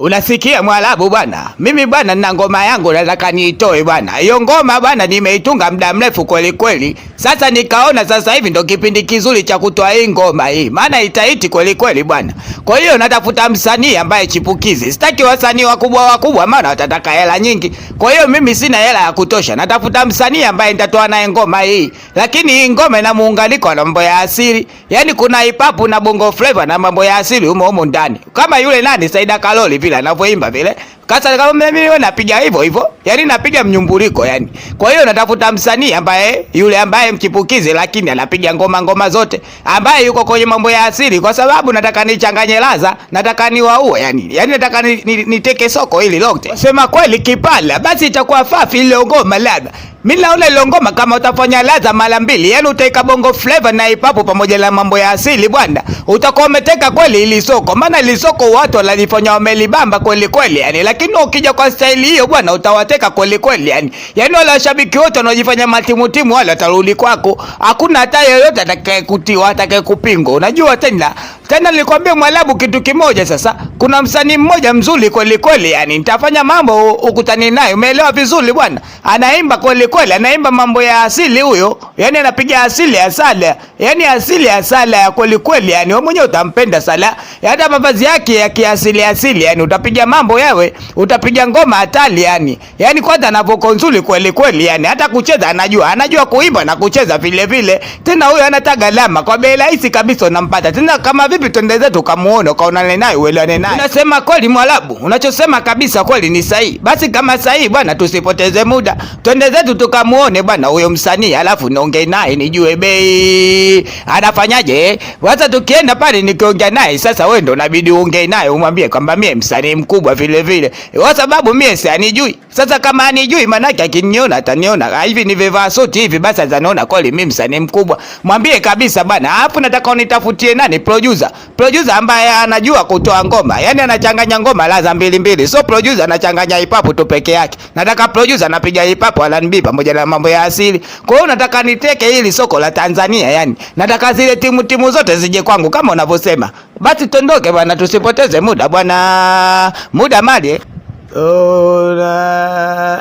Unasikia Mwarabu bwana, mimi bwana nina ngoma yangu nataka niitoe bwana. Hiyo ngoma bwana nimeitunga muda mrefu kweli kweli. Sasa nikaona sasa hivi ndo kipindi kizuri cha kutoa hii ngoma hii. Maana itaiti kweli kweli bwana. Kwa hiyo natafuta msanii ambaye chipukizi. Sitaki wasanii wakubwa wakubwa maana watataka hela nyingi. Kwa hiyo mimi sina hela ya kutosha. Natafuta msanii ambaye nitatoa naye ngoma hii. Lakini hii ngoma ina muunganiko na mambo ya asili. Yaani kuna hip hop na bongo flavor na mambo ya asili humo humo ndani. Kama yule nani Saida Kaloli vile anavyoimba vile. Kasa kama mimi napiga hivyo hivyo. Yaani napiga mnyumbuliko yani. Kwa hiyo natafuta msanii ambaye yule ambaye mchipukizi lakini anapiga ngoma ngoma zote, ambaye yuko kwenye mambo ya asili kwa sababu nataka nichanganye ladha, nataka niwaue yani. Yaani nataka niteke ni, ni, soko hili lote. Sema kweli kipala basi itakuwa fafi ile ngoma ladha ule Ilongoma kama utafanya laza mara mbili, yani utaika bongo flavor na ipapo pamoja na mambo ya asili bwana, utakuwa umeteka kweli ili soko. Maana ili soko watu wanajifanya wamelibamba kweli kweli yani, lakini ukija kwa staili hiyo bwana, utawateka kweli kweli yani. Yani wale washabiki wote wanaojifanya matimu timu wale watarudi kwako, hakuna hata yeyote atakayekutii atakayekupinga. Unajua tena tena nilikwambia Mwalabu kitu kimoja sasa, kuna msanii mmoja mzuri kweli kweli, yani nitafanya mambo ukutani naye, umeelewa vizuri bwana. Anaimba kweli kweli, anaimba mambo ya asili huyo, yani anapiga asili ya sala, yani asili ya sala ya kweli kweli, yani wewe mwenyewe utampenda sala, hata mavazi yake ya kiasili asili, yani utapiga mambo yawe, utapiga ngoma hatari yani yani kwanza anavoko nzuri kweli kweli, yani hata kucheza anajua, anajua kuimba na kucheza vile vile. Tena huyo anataga lama kwa bei rahisi kabisa, unampata tena kama vipi vipi, tendeze tukamuone, ukaonane naye, uelewane naye. Unasema kweli Mwarabu, unachosema kabisa kweli ni sahihi. Basi kama sahihi bwana, tusipoteze muda, twende zetu tukamuone bwana huyo msanii, alafu niongee naye nijue bei anafanyaje. Eh? Waza tukienda pale nikiongea naye sasa, wewe ndo unabidi uongee naye, umwambie kwamba mimi msanii mkubwa vile vile, kwa sababu mie si anijui. Sasa kama anijui, manake akiniona ataniona ah, hivi nivevaa suti hivi, basi ataniona kweli mimi msanii mkubwa. Mwambie kabisa bwana, alafu nataka unitafutie nani producer producer. ambaye anajua kutoa ngoma, yani anachanganya ngoma laza mbili mbili. So producer anachanganya hip hop tu peke yake. Nataka producer anapiga hip hop R&B pamoja na mambo ya asili. Kwa hiyo nataka niteke hili soko la Tanzania yani. Nataka zile timu timu zote zije kwangu kama unavyosema. Basi tondoke bwana, tusipoteze muda bwana. Muda mali eh?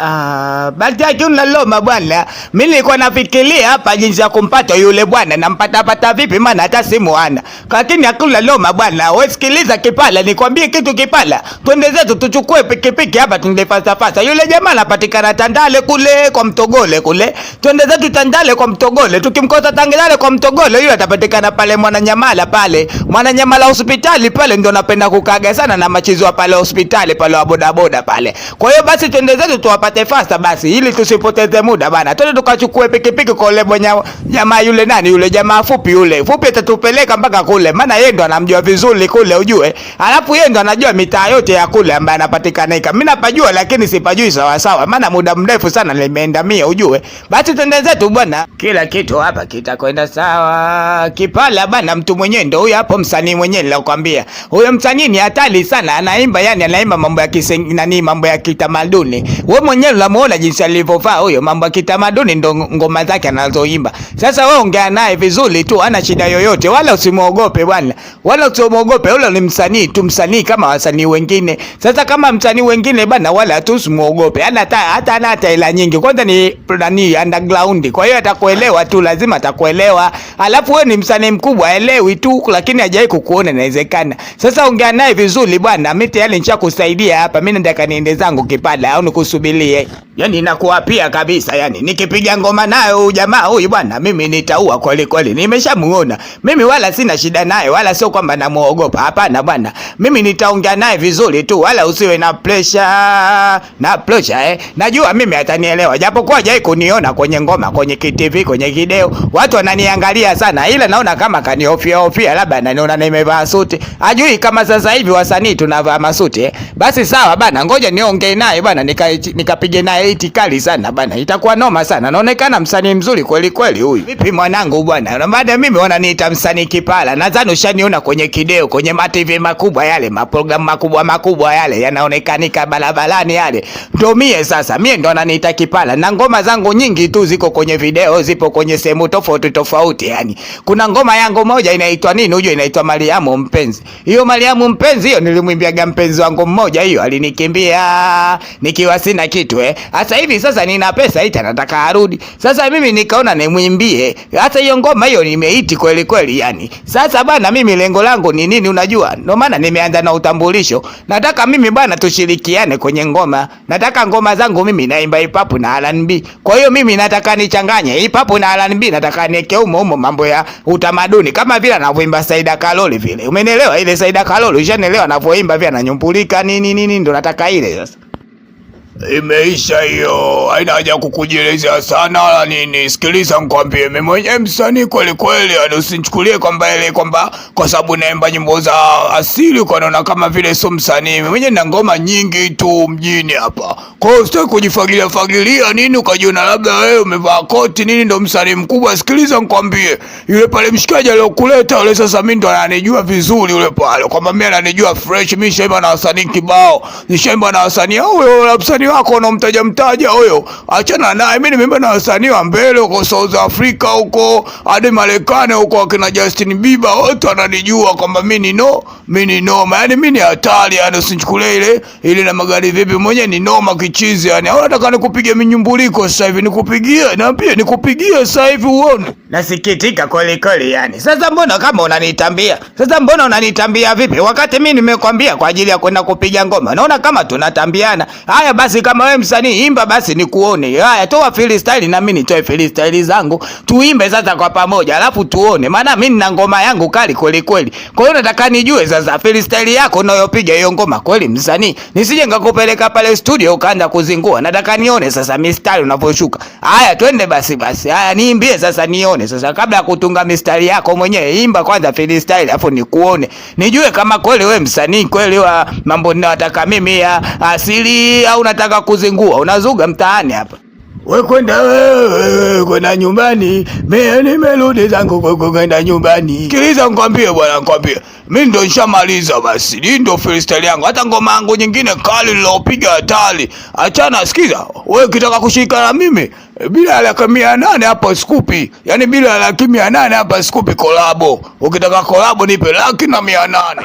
Ah, bahati unaloma bwana. Mimi nilikuwa nafikiria hapa jinsi ya kumpata yule bwana, nampata vipi? Maana hata simu hana, lakini hakuna bwana. Wewe Kipala, nikwambie kitu Kipala, twende zetu tuchukue pikipiki hapa, tunde fasa Yule jamaa anapatikana Tandale kule kwa Mtogole kule, twende zetu Tandale kwa Mtogole. Tukimkosa Tandale kwa Mtogole, yule atapatikana pale Mwananyamala pale Mwananyamala hospitali pale, ndio napenda kukaga sana na machizwa pale hospitali pale wa kwenda pale. Kwa hiyo basi twende zetu tuwapate fasta basi, ili tusipoteze muda bana, twende tukachukue pikipiki kwa yule mwenye jamaa yule nani yule jamaa fupi yule fupi, atatupeleka mpaka kule, maana yeye ndo anamjua vizuri kule ujue, alafu yeye ndo anajua mitaa yote ya kule ambaye anapatikanika. Mimi napajua lakini sipajui sawa sawa, maana muda mrefu sana nimeenda mia ujue. Basi twende zetu bwana, kila kitu hapa kitakwenda sawa. Kipala bana, mtu mwenyewe ndo huyo hapo, msanii mwenyewe nilokuambia. Huyo msanii ni hatari sana, anaimba yani, anaimba mambo ya kisengi na nani, mambo ya kitamaduni. Wewe mwenyewe unamuona jinsi alivyovaa huyo, mambo ya kitamaduni ndo ngoma zake anazoimba. Sasa wewe ongea naye vizuri tu, ana shida yoyote, wala usimuogope bwana, wala usimuogope. Yule ni msanii tu, msanii kama wasanii wengine. Sasa kama msanii wengine bwana, wala tu usimuogope, ana hata hata ana hata hela nyingi, kwanza ni nani, underground. Kwa hiyo atakuelewa tu, lazima atakuelewa. Alafu wewe ni msanii mkubwa, elewi tu, lakini hajai kukuona, inawezekana. Sasa ongea naye vizuri bwana, mimi tayari nishakusaidia hapa mimi ndio nataka niende zangu Kipala au nikusubilie? Yani nakuapia kabisa, yani nikipiga ngoma nayo huyu jamaa huyu bwana, mimi nitaua kweli kweli. Nimeshamuona mimi, wala sina shida naye, wala sio kwamba namuogopa. Hapana bwana, mimi nitaongea naye vizuri tu, wala usiwe na pressure na pressure eh. Najua mimi atanielewa, japokuwa hajai kuniona kwenye ngoma, kwenye KTV, kwenye video, watu wananiangalia sana, ila naona kama kaniofia ofia, labda ananiona nimevaa suti, ajui kama sasa hivi wasanii tunavaa masuti eh. Basi sawa bana ngoja niongee naye bana, nikapige nika naye itikali sana bana, itakuwa noma sana. Anaonekana msanii mzuri kweli kweli huyu. Vipi mwanangu bwana, baada mimi wananiita msanii kipala. Nadhani ushaniona kwenye kideo kwenye mativi makubwa yale, maprogramu makubwa makubwa yale yanaonekanika barabarani yale, ndo mie sasa. Mie ndo ananiita kipala, na ngoma zangu nyingi tu ziko kwenye video, zipo kwenye sehemu tofauti tofauti. Yani kuna ngoma yangu moja inaitwa nini, hujua inaitwa Mariamu Mpenzi. Hiyo Mariamu Mpenzi hiyo nilimwimbiaga mpenzi wangu mmoja, hiyo alinikimbia nikamwambia nikiwa sina kitu eh. Sasa hivi sasa nina pesa ita nataka arudi. Sasa mimi nikaona nimwimbie. Hata hiyo ngoma hiyo nimeiti kweli kweli yani. Sasa bana mimi lengo langu ni nini unajua? Ndio maana nimeanza na utambulisho. Nataka mimi bana tushirikiane kwenye ngoma. Nataka ngoma zangu mimi naimba hip hop na R&B. Kwa hiyo mimi nataka nichanganye hip hop na R&B, nataka niweke umo umo mambo ya utamaduni kama vile anavyoimba Saida Kalole vile. Umenielewa ile Saida Kalole? Ushanielewa anavyoimba vile ananyumbulika nini nini ndio nataka ideas, Imeisha hiyo, haina haja kukujielezea sana la nini. Sikiliza nikwambie, mimi mwenye msanii kweli kweli, yaani usinichukulie kwamba ile kwamba kwa sababu naimba nyimbo za asili kwa naona kama vile sio msanii. Mimi mwenye na ngoma nyingi tu mjini hapa, kwa hiyo usitaki kujifagilia fagilia nini ukajiona labda wewe umevaa koti nini ndo msanii mkubwa. Sikiliza nikwambie, yule pale mshikaji aliyokuleta yule, sasa mimi ndo ananijua vizuri yule pale, kwamba mimi ananijua fresh. Mimi shaimba na wasanii kibao, nishaimba na wasanii au wewe msanii wako unamtaja mtaja huyo, achana naye. Mimi nimeimba na wasanii wa mbele huko South Africa huko hadi Marekani huko, akina Justin Bieber wote wananijua kwamba mimi ni no, mimi ni noma, yani mimi ni hatari, yani usinichukulie ile ile na magari vipi, mwenye ni noma kichizi, yani au nataka nikupiga minyumbuliko sasa hivi, nikupigie na pia nikupigie sasa hivi uone. Nasikitika kweli kweli yani. Sasa mbona kama unanitambia? Sasa mbona unanitambia vipi? Wakati mimi nimekwambia kwa ajili ya kwenda kupiga ngoma. Naona kama tunatambiana. Haya basi kama wewe msanii imba basi nikuone. Haya toa freestyle na mimi nitoe freestyle zangu. Tuimbe sasa kwa pamoja. Alafu tuone. Maana mimi nina ngoma yangu kali kweli kweli. Kwa hiyo nataka nijue sasa freestyle yako unayopiga hiyo ngoma kweli msanii. Nisije ngakupeleka pale studio ukaanza kuzingua. Nataka nione sasa mistari unavyoshuka. Haya twende basi basi. Haya niimbie sasa nione nikuone. Sasa kabla ya kutunga mistari yako mwenyewe, imba kwanza freestyle, afu nikuone, nijue kama kweli we msanii kweli wa mambo ninayotaka mimi ya asili, au unataka kuzingua, unazuga mtaani hapa wewe kwenda wewe kwenda nyumbani, mimi nimerudi zangu kwenda nyumbani. Sikiliza nikwambie bwana, nikwambie mimi ndo nishamaliza basi, hii ndo freestyle yangu, hata ngoma yangu nyingine kali nilopiga hatari. Achana, sikiza wewe, ukitaka kushika na mimi bila laki mia nane hapa sikupi, yani bila laki mia nane hapa sikupi kolabo. Ukitaka kolabo nipe laki na mia nane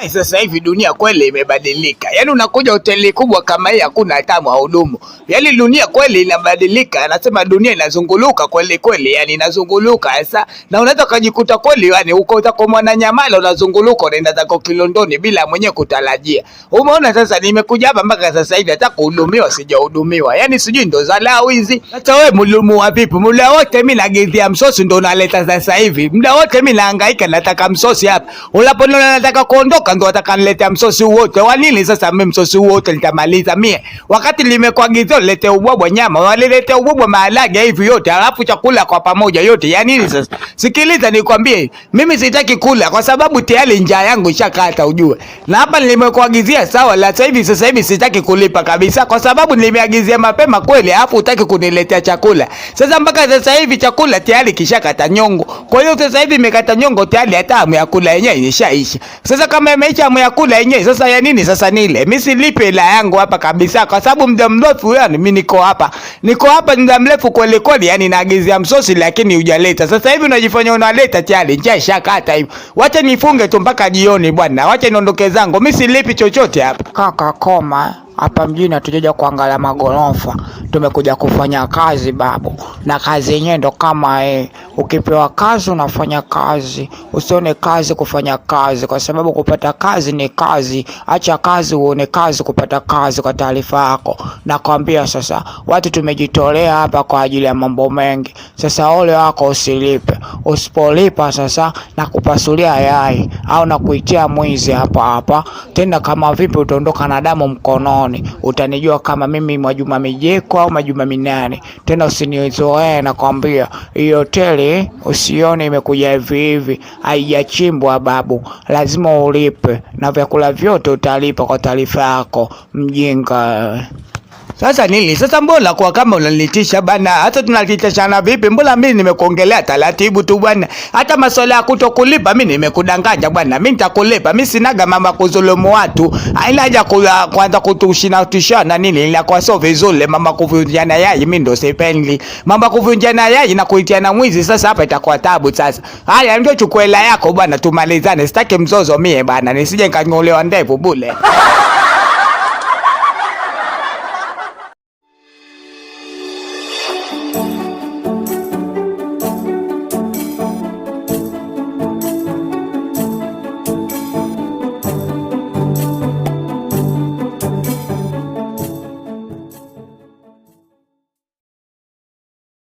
Hey, eh, Sasa hivi dunia kweli imebadilika, yaani unakuja hoteli kubwa kama hii hakuna hata mhudumu. Yaani dunia kweli inabadilika, anasema dunia inazunguluka kweli kweli, yaani inazunguluka sasa, na unaweza kujikuta kweli, yaani uko utako Mwananyamala unazunguluka, unaenda zako Kilondoni bila mwenyewe kutarajia. Umeona sasa, nimekuja hapa mpaka sasa hivi hata kuhudumiwa sijahudumiwa, yaani sijui ndo zalaa hizi. Hata wewe mlumu wa vipi? Muda wote mimi nagizia msosi ndo naleta sasa hivi, muda wote mimi naangaika nataka msosi hapa, unaponiona nataka kuondoka kutoka ndo watakaniletea msosi wote wa nini? Sasa mimi msosi wote nitamaliza mie, wakati limekwagizia lete ubwabwa nyama, walilete ubwabwa maharage hivi yote, alafu chakula kwa pamoja yote ya nini? Sasa sikiliza nikwambie, mimi sitaki kula kwa sababu tayari njaa yangu ishakata, ujue na hapa nimekwagizia sawa la sasa hivi. Sasa hivi sitaki kulipa kabisa, kwa sababu nimeagizia mapema kweli, alafu utaki kuniletea chakula sasa. Mpaka sasa hivi chakula tayari kishakata nyongo, kwa hiyo sasa hivi imekata nyongo tayari, hata hamu ya kula yenyewe imeshaisha. Sasa kama maisha muyakula yenyewe. Sasa ya nini sasa nile? Mimi silipe hela yangu hapa kabisa, kwa sababu muda mrefu yani mimi niko hapa, niko hapa muda mrefu kweli kweli, yani naagizia msosi lakini hujaleta. Sasa hivi unajifanya unaleta tayari, njaa shakata hivi. Wacha nifunge tu mpaka jioni bwana, wacha niondoke zangu. Mimi silipi chochote hapa. Kaka koma hapa mjini hatujaja kuangalia magorofa, tumekuja kufanya kazi babu, na kazi yenyewe ndo kama e, ukipewa kazi unafanya kazi, usione kazi kufanya kazi, kwa sababu kupata kazi ni kazi. Acha kazi uone kazi kupata kazi. Kwa taarifa yako nakwambia, sasa watu tumejitolea hapa kwa ajili ya mambo mengi. Sasa ole wako usilipe, usipolipa sasa na kupasulia yai au na kuitia mwizi hapa hapa tena. Kama vipi utaondoka na damu mkononi mtandaoni, utanijua kama mimi Mwajuma Mijeko au Mwajuma Minane. Tena usinizoee, nakwambia hiyo hoteli usione imekuja hivi hivi, haijachimbwa babu, lazima ulipe na vyakula vyote utalipa. Kwa taarifa yako, mjinga. Sasa nili sasa, mbona kwa kama unanitisha bana, hata tunatitishana vipi? Mbona mimi nimekuongelea taratibu tu bwana, hata masuala ya kutokulipa mimi nimekudanganya bwana, mimi nitakulipa mimi. Sinaga mama kuzulumu watu, haina haja ah, kuanza kutushina tushana nini, ila kwa sio vizuri mama kuvunjana yai, mimi ndo sipendi mama kuvunjana yai na kuitiana mwizi. Sasa hapa itakuwa tabu sasa. Haya, ndio chukua hela yako bwana, tumalizane, sitaki mzozo mie bana, nisije nikanyolewa ndevu bule